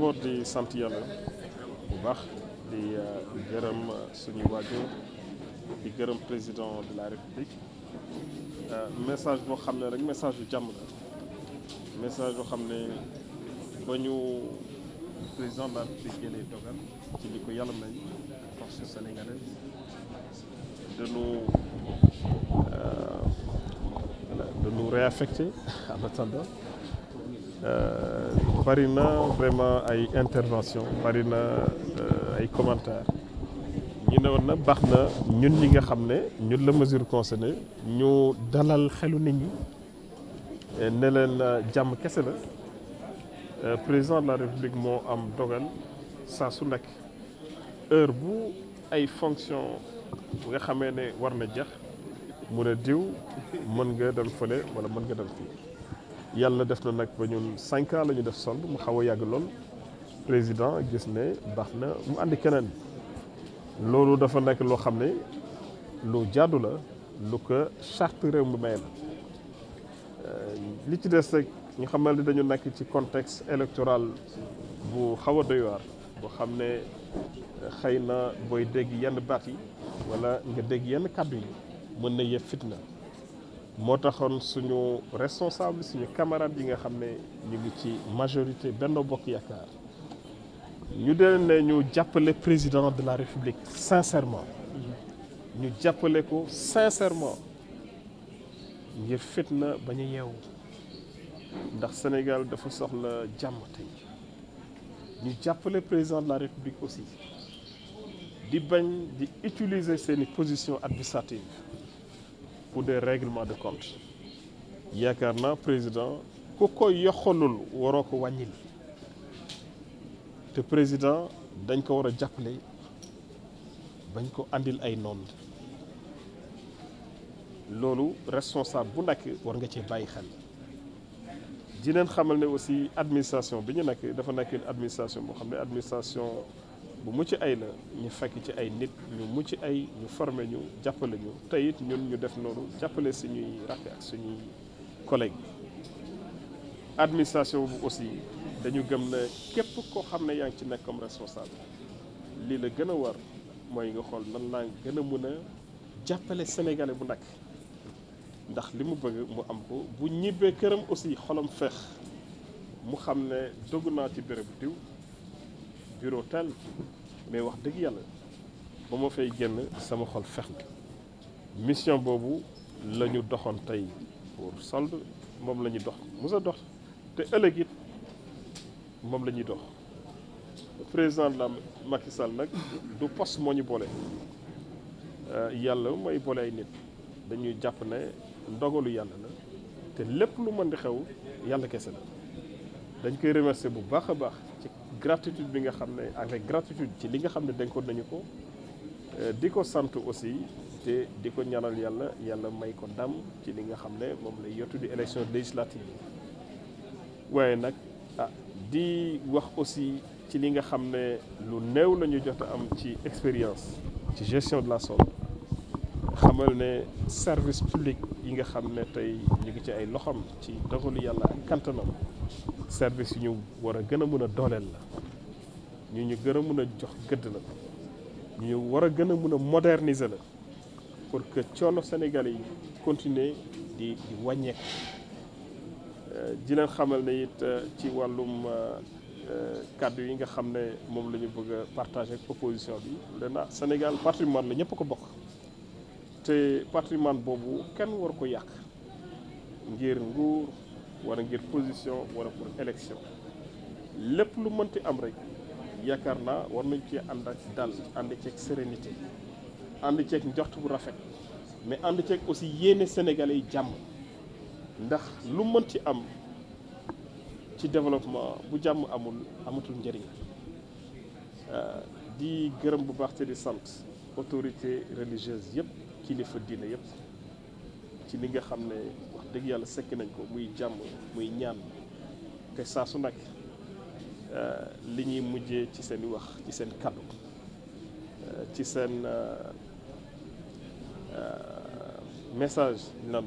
d'abord di sant yàlla bu baax euh, di gërëm suñu waajur di gërëm président de la république euh, message boo xam ne rek message bu jàmm la message boo xam ne ba ñu président de la république dogal ci li ko yàlla may force sénégalaise dañu euh, dañu réaffecté en attendant bari na vraiment ay intervention bari na euh, ay commentaires ñu ne woon na baax na ñun ñi nga xam ne ñun la mesure concernée ñu dalal xelu nit ñi ne leen euh, jàmm kese la euh, président de la république moo am dogal saa su nekk heure bu ay fonction nga xamee ne war na jax mu ne diw mën nga dem fële wala mën nga dem fii yàlla def na nag ba ñu cinq ans la ñu def solde mu xaw a yàgg lool président gis ne baax na mu àndi keneen loolu dafa nekk loo xam ne lu jàddu la lu ko charte réew mi may la li ci des rek ñu xamal ne dañu nekk ci contexte électoral bu xaw a doy boo xam ne xëy na booy dégg yenn baat yi wala nga dégg yenn kàddu yi mën na yëf fitna moo taxoon suñu responsable suñu camarade yi nga xam ne ñu ngi ci majorité Benno Bokk Yaakaar ñu deen ne ñu jàppale président de la République sincèrement ñu jàppale ko sincèrement ngir fitna bañ a yeewu ndax Sénégal dafa soxla jàmm tey ñu jàppale président de la République aussi di bañ di utiliser seeni position administrative pour des règlements de compte yaakaar na président ku ko yoxalul waroo ko wàññil te président dañ ko war a jàppale bañ ko àndil ay noon loolu responsable bu nakk war nga cee bàyyi xam di leen xamal ne aussi administration bi ñu nekk dafa nekk une administration boo xam ne administration bu mucc ay la ñu fekk ci ay nit ñu mucc ay ñu formé ñu jàppale ñu te it ñun ñu def noonu jàppale suñuy rakk ak suñuy collègue administration bu aussi dañu gëm ne képp koo xam ne yaa ngi ci nekk comme responsable lii la gën a war mooy nga xool nan laa gën a mën jàppale sénégalais bu nakk ndax li mu bëgg mu am ko bu ñibbee këram aussi xolam feex mu xam ne dogg naa ci béréb diw bureau tel mais wax dëgg yàlla ba ma fay génn sama xol fex na mission boobu la ñu doxoon tey pour solde moom la ñu dox mos dox te ëllëg it moom la ñuy dox président de la Macky nag du post moo ñu boole euh, yàlla mooy boole ay nit dañuy jàpp ne ndogalu yàlla la te lépp lu mën di xew yàlla kese la dañ koy remercier bu baax a baax gratitude bi nga xam ne avec gratitude ci li nga xam ne dénkoon nañu ko euh, di ko sant aussi te di ko ñaanal yàlla yàlla may ko ndam ci li nga xam ne moom lay yottu di élection législative yi waaye nag ah di wax aussi ci li nga xam ne lu néew la ñu jot am ci expérience ci gestion de la solde xamal ne service public yi nga xam ne tey ñu ngi ci ay loxam ci dogalu yàlla ak kantanam service yu ñu war a gën a mën a dooleel la ñu ñu gën a mun a jox gëdd la ñu war a gën a mun a moderniser la pour que coono Sénégal yi continuer di di wàññeeku euh, leen xamal ne it euh, ci wàllum euh, kàddu yi nga xam ne moom la ñu bëgg a partager ak opposition bi dana Sénégal patrimoine la ñëpp ko bokk te patrimoine boobu kenn war ko yàq ngir nguur wala ngir position wala pour élection lépp lu mënti am rek yaakaar naa war nañ ci ànd ak dal ànd ceeg sérénité ànd ceeg njort bu rafet mais ànd ceeg aussi yéene sénégalais yi jàmm ndax lu mën ci am ci développement bu jàmm amul amatul njëriñ euh, di gërëm bu baax te di sant autorité religieuse yëpp kilifa diine yëpp ci li nga xam ne wax dëgg yàlla sekk nañ ko muy jàmm muy ñaan te saa su nekk Euh, li ñuy mujje ci seen wax ci seen kàddu euh, ci seen euh, message nam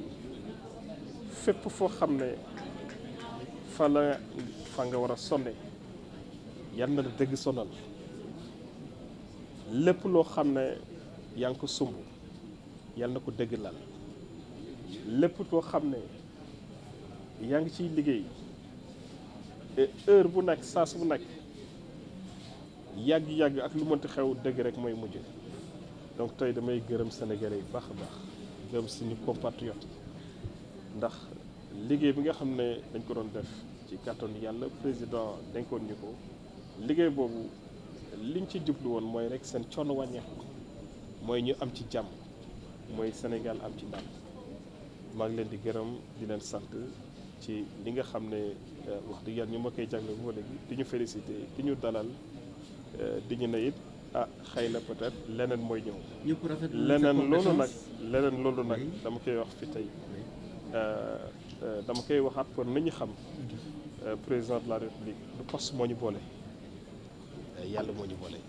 fépp foo xam ne fa la fa nga war a sonne yal na dëgg sonal lépp loo xam ne yaa ngi ko sumb yal na ko dëgg lal lépp loo xam ne yaa ngi ciy liggéey et heure bu nag saas bu nekk yàgg-yàgg ak lu mënti xew dëgg rek mooy mujj donc tey damay gërëm sénégalais yi baax baax gërëm suñu compatriote ndax liggéey bi nga xam ne dañ ko doon def ci kàttanu yàlla président denkoon ñu ko liggéey boobu liñ ci jublu woon mooy rek seen coono wàññeeku mooy ñu am ci jàmm mooy Sénégal am ci ndam maa ngi leen di gërëm di leen sant ci li nga xam ne euh, wax dëgg yàlla ñu ma koy jàng bu léegi di ñu félicité di ñu dalal euh, di ñu ne it ah xëy na peut-être leneen mooy ñëw. leneen loolu nag leneen loolu nag dama koy wax fi tey euh, dama koy waxaat pour nañu xam président de la république du poste moo ñu boole yàlla moo ñu boole.